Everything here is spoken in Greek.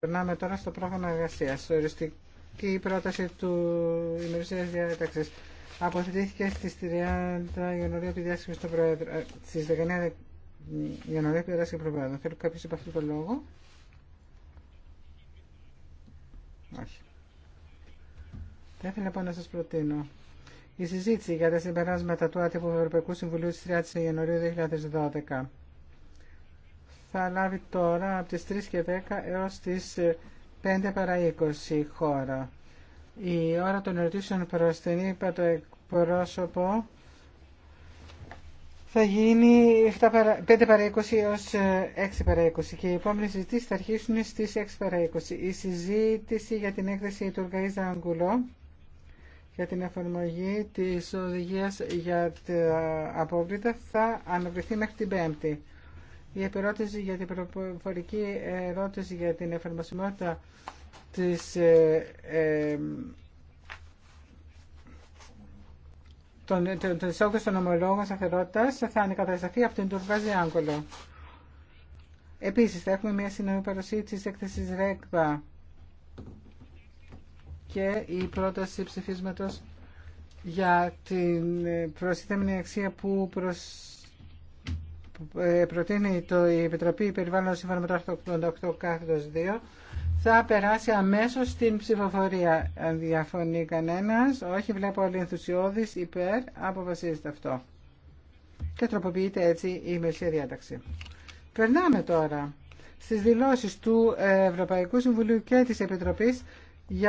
Περνάμε τώρα στο πρόγραμμα εργασία. Οριστική πρόταση του ημερησία διάταξη αποθετήθηκε στι 30 Ιανουαρίου διάσκεψη του Προέδρου. Ε, στι 19 Ιανουαρίου από τη διάσκεψη του Προέδρου. Θέλει κάποιο από αυτό το λόγο. Όχι. Θα ήθελα λοιπόν να σα προτείνω. Η συζήτηση για τα συμπεράσματα του Άτυπου Ευρωπαϊκού Συμβουλίου τη 30 Ιανουαρίου 2012 θα λάβει τώρα από τις 3 και 10 έως τις 5 παρα 20 χώρα. Η ώρα των ερωτήσεων προς την είπα το εκπρόσωπο θα γίνει 5 παρα 20 έως 6 παρα 20 και οι επόμενες συζητήσεις θα αρχίσουν στις 6 παρα 20. Η συζήτηση για την έκθεση του Οργαίζα Αγγουλό για την εφαρμογή της οδηγίας για τα απόβλητα θα αναβληθεί μέχρι την 5η. Η επιρώτηση για την προφορική ερώτηση για την εφαρμοσιμότητα της, ε, ε των, ε, των, των, των ομολόγων σταθερότητα θα ανεκατασταθεί από την Τουρκάζη Άγκολο. Επίσης θα έχουμε μια συνολική παρουσία της έκθεσης ΡΕΚΒΑ και η πρόταση ψηφίσματος για την ε, προσθέμενη αξία που προσθέτει ε, προτείνει το, η Επιτροπή Περιβάλλοντος σύμφωνα με το 88-2 θα περάσει αμέσως στην ψηφοφορία. Αν διαφωνεί κανένα. όχι βλέπω όλοι ενθουσιώδει, υπέρ, αποφασίζεται αυτό. Και τροποποιείται έτσι η μεσαία διάταξη. Περνάμε τώρα στις δηλώσεις του Ευρωπαϊκού Συμβουλίου και της για